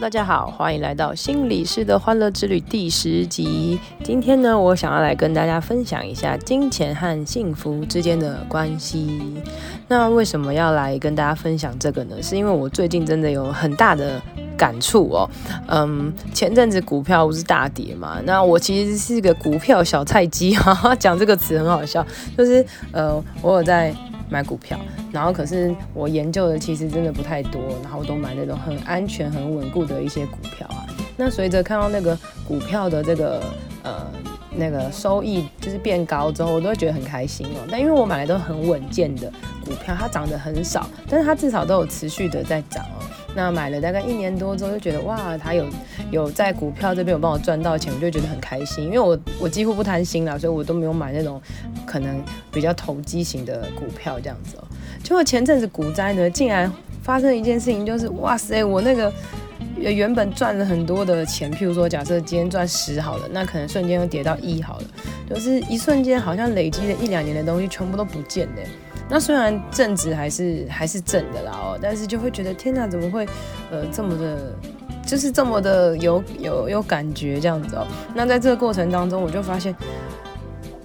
大家好，歡迎來到心理師的歡樂之旅第十集。今天呢，我想要來跟大家分享一下金錢和幸福之間的關係。那為什麼要來跟大家分享這個呢？是因為我最近真的有很大的感觸哦。嗯，前陣子股票不是大跌嘛？那我其實是個股票小菜雞，哈哈，講這個詞很好笑。就是呃，我有在。買股票，然後可是我研究的其實真的不太多，然後我都買那種很安全、很穩固的一些股票啊。那隨着看到那個股票的這個呃那個收益，就是變高之後，我都會覺得很開心哦。但因為我買來都很穩健的股票，它漲得很少，但是它至少都有持續的在漲。那買了大概一年多之後，就覺得哇，他有有在股票這邊有幫我賺到錢，我就覺得很開心。因為我我幾乎不貪心啦，所以我都沒有買那種可能比較投機型的股票這樣子哦、喔。結果前陣子股災呢，竟然發生一件事情，就是哇塞，我那個也原本賺了很多的錢，譬如說假設今天賺十好了，那可能瞬間又跌到一好了，就是一瞬間好像累積了一兩年的東西全部都不見了。那雖然正值，還是還是正的啦哦，但是就會覺得天哪，怎麼會，呃，這麼的，就是這麼的有有有感覺這樣子哦。那在這個過程當中，我就發現，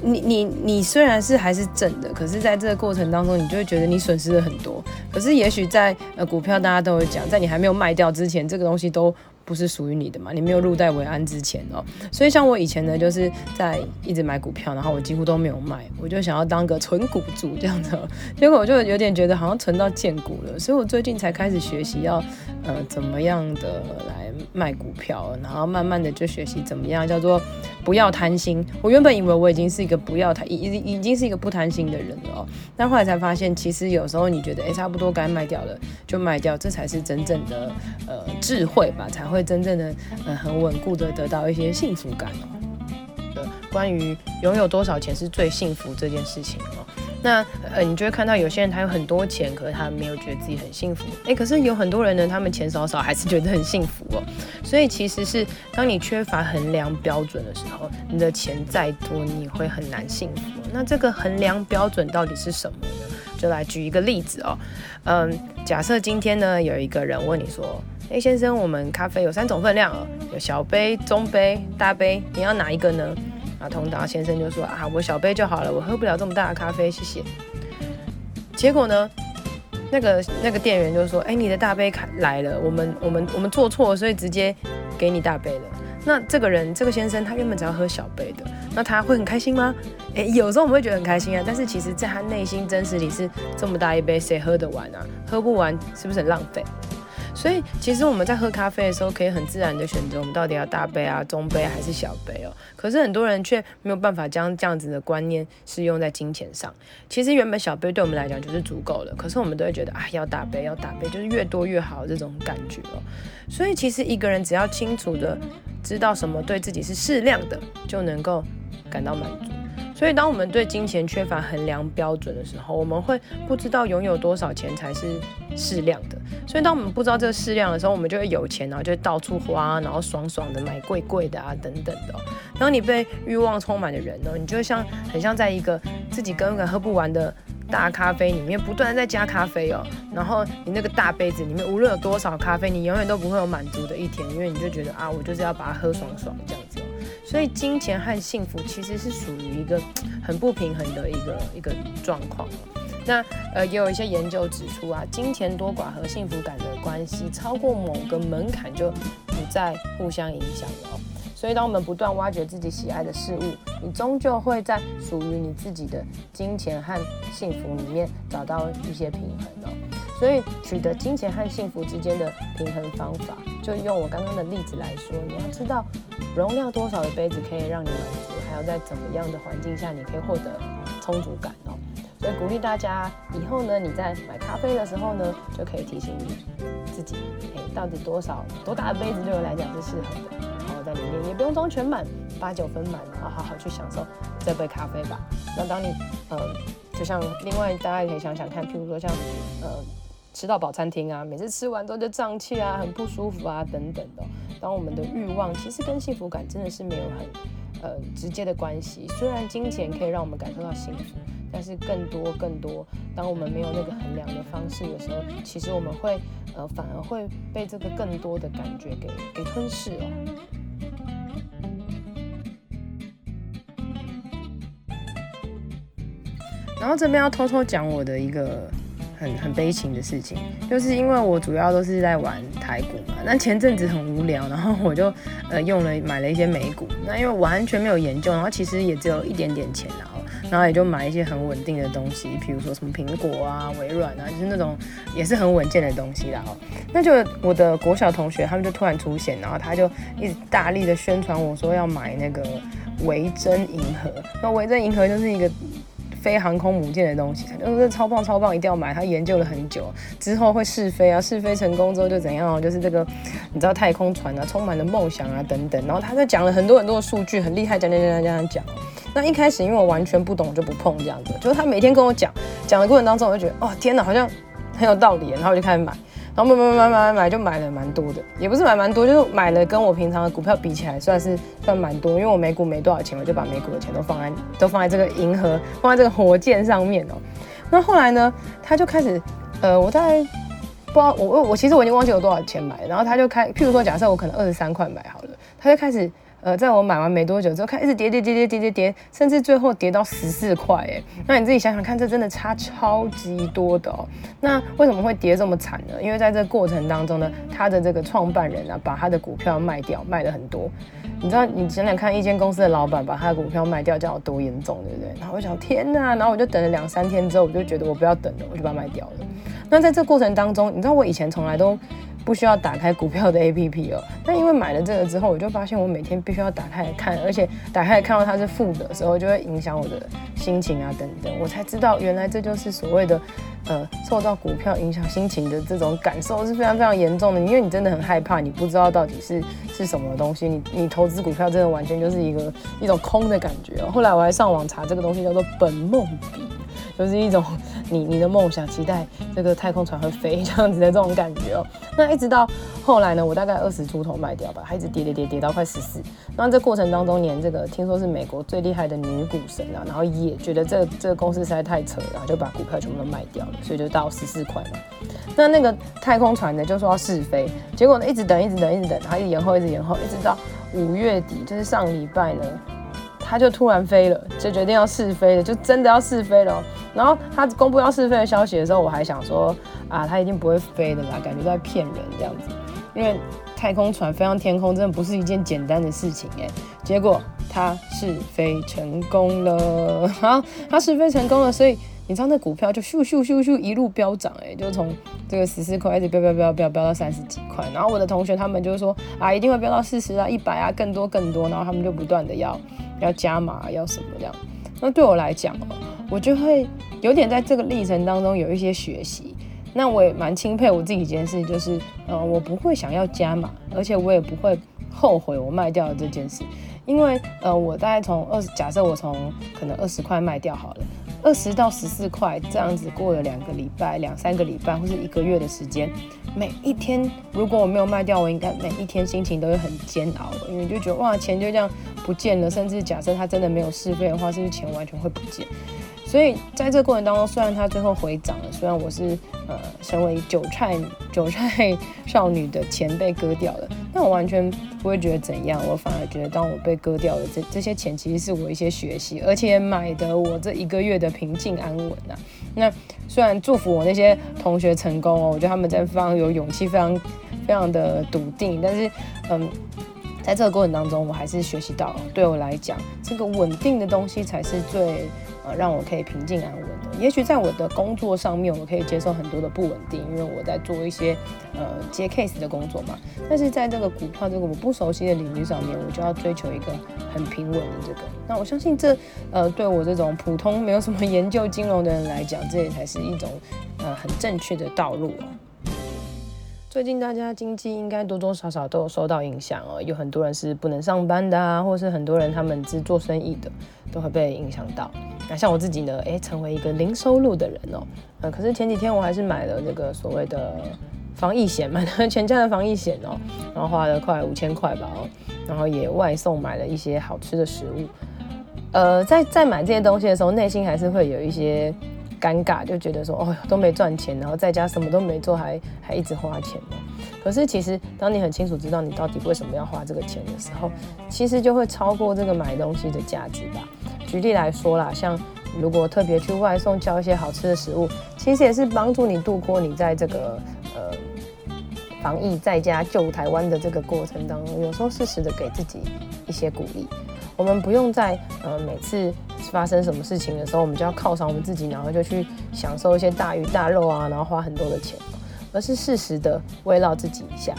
你你你雖然是還是正的，可是在這個過程當中，你就會覺得你損失了很多。可是也許在呃股票，大家都有講，在你還沒有賣掉之前，這個東西都。不是屬於你的嘛，你沒有入袋為安之前哦、喔，所以像我以前呢，就是在一直買股票，然後我幾乎都沒有賣，我就想要當個存股主這樣子，喔，結果我就有點覺得好像存到賤股了，所以我最近才開始學習要呃怎麼樣的來。賣股票，然後慢慢的就學習怎麼樣叫做不要貪心。我原本以為我已經是一個不要貪已已已經是一個不貪心的人了、喔、但後來才發現，其實有時候你覺得哎、欸、差不多該賣掉了就賣掉，這才是真正的呃智慧吧，才會真正的、呃、很穩固的得到一些幸福感哦、喔。關於擁有多少錢是最幸福這件事情哦、喔。那呃，你就會看到有些人他有很多錢，可是他沒有覺得自己很幸福。哎，可是有很多人呢，他們錢少少還是覺得很幸福哦。所以其實是當你缺乏衡量標準的時候，你的錢再多，你也會很難幸福。那這個衡量標準到底是什麼呢？就來舉一個例子哦。嗯，假設今天呢有一個人問你說：“哎，先生，我們咖啡有三種分量哦，有小杯、中杯、大杯，你要哪一個呢？”啊，同達先生就說啊，我小杯就好了，我喝不了這麼大的咖啡，謝謝。結果呢，那個那個店員就說，哎、欸，你的大杯來了，我們我們我們做錯，所以直接給你大杯了。那這個人這個先生他原本只要喝小杯的，那他會很開心嗎？欸，有時候我們會覺得很開心啊，但是其實在他內心真實裡是這麼大一杯，誰喝得完啊？喝不完是不是很浪費？所以，其實我們在喝咖啡的時候，可以很自然的選擇我們到底要大杯啊，中杯還是小杯哦。可是很多人卻沒有辦法將這樣子的觀念使用在金錢上。其實原本小杯對我們來講就是足夠了，可是我們都會覺得啊，要大杯，要大杯，就是越多越好這種感覺哦。所以，其實一個人只要清楚的知道什麼對自己是適量的，就能夠感到滿足。所以，當我們對金錢缺乏衡量標準的時候，我們會不知道擁有多少錢才是適量的。所以，當我們不知道這個適量的時候，我們就會有錢，然後就到處花，然後爽爽的買貴貴的啊，等等的哦。當你被欲望充滿的人呢，哦，你就像很像在一個自己根本喝不完的大咖啡裡面，不斷的在加咖啡哦。然後你那個大杯子裡面，無論有多少咖啡，你永遠都不會有滿足的一天，因為你就覺得啊，我就是要把它喝爽爽這樣子。所以，金錢和幸福其實是屬於一個很不平衡的一個一個狀況。那呃，也有一些研究指出啊，金錢多寡和幸福感的關係，超過某個門檻就不再互相影響了哦。所以，當我們不斷挖掘自己喜愛的事物，你終究會在屬於你自己的金錢和幸福裡面找到一些平衡哦。所以，取得金錢和幸福之間的平衡方法。就用我剛剛的例子來說，你要知道容量多少的杯子可以讓你滿足，還有在怎麼樣的環境下你可以獲得充足感哦。所以鼓勵大家以後呢，你在買咖啡的時候呢，就可以提醒你自己，哎，到底多少多大的杯子對我來講是適合的，然後在裡面也不用裝全滿，八九分滿，然後好好去享受這杯咖啡吧。那當你，呃，就像另外大家也可以想想看，譬如說像，呃。吃到飽餐廳啊，每次吃完都就脹氣啊，很不舒服啊，等等的哦。當我們的慾望其實跟幸福感真的是沒有很呃直接的關係。雖然金錢可以讓我們感受到幸福，但是更多更多，當我們沒有那個衡量的方式的時候，其實我們會呃反而會被這個更多的感覺給給吞噬了哦。然後這邊要偷偷講我的一個。很很悲情的事情，就是因為我主要都是在玩台股嘛。那前陣子很無聊，然後我就呃用了買了一些美股。那因為完全沒有研究，然後其實也只有一點點錢，然後然後也就買一些很穩定的東西，比如說什麼蘋果啊、微軟啊，就是那種也是很穩健的東西。然後那就我的國小同學，他們就突然出現，然後他就一直大力的宣傳我說要買那個維珍銀河。那維珍銀河就是一個。非航空母艦的東西，就是超棒超棒，一定要買。他研究了很久，之後會試飛啊，試飛成功之後就怎樣？就是這個，你知道太空船啊，充滿了夢想啊等等。然後他就講了很多很多的數據，很厲害，講講講講講講。那一開始因為我完全不懂，我就不碰這樣子。就是他每天跟我講，講的過程當中，我就覺得哦，天哪，好像很有道理。然後我就開始買。然後買買買買買買，就買了蠻多的，也不是買蠻多，就是買了跟我平常的股票比起來，算是算蠻多，因為我美股沒多少錢，我就把美股的錢都放在都放在這個銀河，放在這個火箭上面哦、喔。那後來呢，他就開始，呃，我在不知道我我我其實我已經忘記有多少錢買了，然後他就開，譬如說假設我可能二十三塊買好了，他就開始。呃，在我買完沒多久之後，開始一直跌跌跌跌跌跌甚至最後跌到十四塊哎，那你自己想想看，這真的差超級多的哦、喔。那為什麼會跌這麼慘呢？因為在這個過程當中呢，他的這個創辦人啊，把他的股票賣掉，賣了很多。你知道，你想想看，一間公司的老板把他的股票賣掉，這樣有多嚴重，對不對？然後我想，天吶、啊，然後我就等了兩三天之後，我就覺得我不要等了，我就把它賣掉了。那在這個過程當中，你知道我以前從來都。不需要打開股票的 APP，喔、哦。那因為買了這個之後，我就發現我每天必須要打開來看，而且打開來看到它是負的時候，就會影響我的心情啊，等等。我才知道原來這就是所謂的呃，受到股票影響心情的這種感受是非常非常嚴重的。因為你真的很害怕，你不知道到底是是什麼東西。你你投資股票真的完全就是一個一種空的感覺哦、喔。後來我還上網查這個東西叫做本夢比，就是一種你你的夢想期待這個太空船會飛這樣子的這種感覺哦、喔。那一直到後來呢，我大概二十出頭賣掉吧，還一直跌跌跌，跌到快十四。那這過程當中，連這個聽說是美國最厲害的女股神啊，然後也覺得這這個公司實在太扯了，然後就把股票全部都賣掉了，所以就到十四塊了。那那個太空船呢，就說要試飛，結果呢，一直等一直等一直等，他一直延後一直延後，一直，一直到五月底，就是上禮拜呢。他就突然飛了，就決定要試飛了，就真的要試飛了。然後他公布要試飛的消息的時候，我還想說啊，他一定不會飛的啦，感覺都在騙人這樣子。因為太空船飛上天空真的不是一件簡單的事情哎。結果他試飛成功了，好，啊，他試飛成功了，所以你知道那股票就咻咻咻咻咻一路飆漲哎，就從這個十四塊一直飆飆飆飆飆到三十幾塊。然後我的同學他們就說啊，一定會飆到四十啊、一百啊，更多更多。然後他們就不斷的要。要加碼要什麼這樣？那對我來講喔，我就會有點在這個歷程當中有一些學習。那我也蠻欽佩我自己一件事，就是，呃，我不會想要加碼，而且我也不會後悔我賣掉了這件事，因為，呃，我大概從二十，假設我從可能二十塊賣掉好了。二十到十四塊這樣子，過了兩個禮拜、兩三個禮拜或是一個月的時間，每一天如果我沒有賣掉，我應該每一天心情都會很煎熬的，因為就覺得哇，錢就這樣不見了，甚至假設它真的沒有試飛的話，是不是錢完全會不見？所以在這過程當中，雖然它最後回漲了，雖然我是呃身為韭菜韭菜少女的錢被割掉了。那我完全不會覺得怎樣，我反而覺得，當我被割掉了這這些錢，其實是我一些學習，而且買的我這一個月的平靜安穩吶、啊。那雖然祝福我那些同學成功哦，我覺得他們在非常有勇氣，非常非常的篤定，但是，嗯。在這個過程當中，我還是學習到，對我來講，這個穩定的東西才是最呃讓我可以平靜安穩的。也許在我的工作上面，我可以接受很多的不穩定，因為我在做一些呃接 case 的工作嘛。但是在這個股票這個我不熟悉的領域上面，我就要追求一個很平穩的這個。那我相信這呃對我這種普通沒有什麼研究金融的人來講，這也才是一種呃很正確的道路。最近大家經濟應該多多少少都有受到影響哦，有很多人是不能上班的啊，或是很多人他們是做生意的，都會被影響到。那像我自己呢，哎，成為一個零收入的人哦，呃，可是前幾天我還是買了那個所謂的防疫險，買了全家的防疫險哦，然後花了快五千塊吧哦，然後也外送買了一些好吃的食物。呃，在在買這些東西的時候，內心還是會有一些。尷尬，就覺得說，哦，都沒賺錢，然後在家什麼都沒做，還還一直花錢呢。可是其實，當你很清楚知道你到底為什麼要花這個錢的時候，其實就會超過這個買東西的價值吧。舉例來說啦，像如果特別去外送交一些好吃的食物，其實也是幫助你度過你在這個呃防疫在家救台灣的這個過程當中，有時候適時的給自己一些鼓勵。我們不用在呃每次發生什麼事情的時候，我們就要犒賞我們自己，然後就去享受一些大魚大肉啊，然後花很多的錢，而是適時的慰勞自己一下。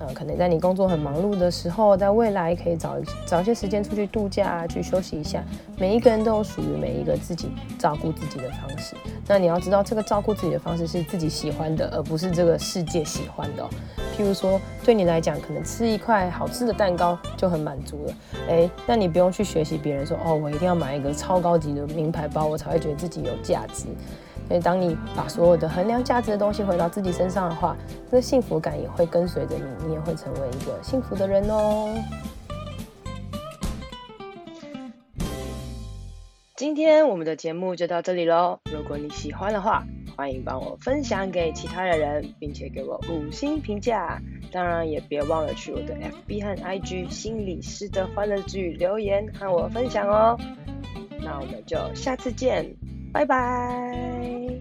呃，可能在你工作很忙碌的時候，在未來可以找找一些時間出去度假，啊，去休息一下。每一個人都有屬於每一個自己照顧自己的方式。那你要知道，這個照顧自己的方式是自己喜歡的，而不是這個世界喜歡的哦。譬如說，對你來講，可能吃一塊好吃的蛋糕就很滿足了。哎，那你不用去學習別人說，哦，我一定要買一個超高級的名牌包，我才會覺得自己有價值。所以，當你把所有的衡量價值的東西回到自己身上的話，那幸福感也會跟隨着你，你也會成為一個幸福的人哦。今天我們的節目就到這裡嘍，如果你喜歡的話，歡迎幫我分享給其他的人，並且給我五星評價。當然，也別忘了去我的 FB 和 IG“ 心理師的歡樂之旅”留言和我分享哦。那我們就下次見。拜拜。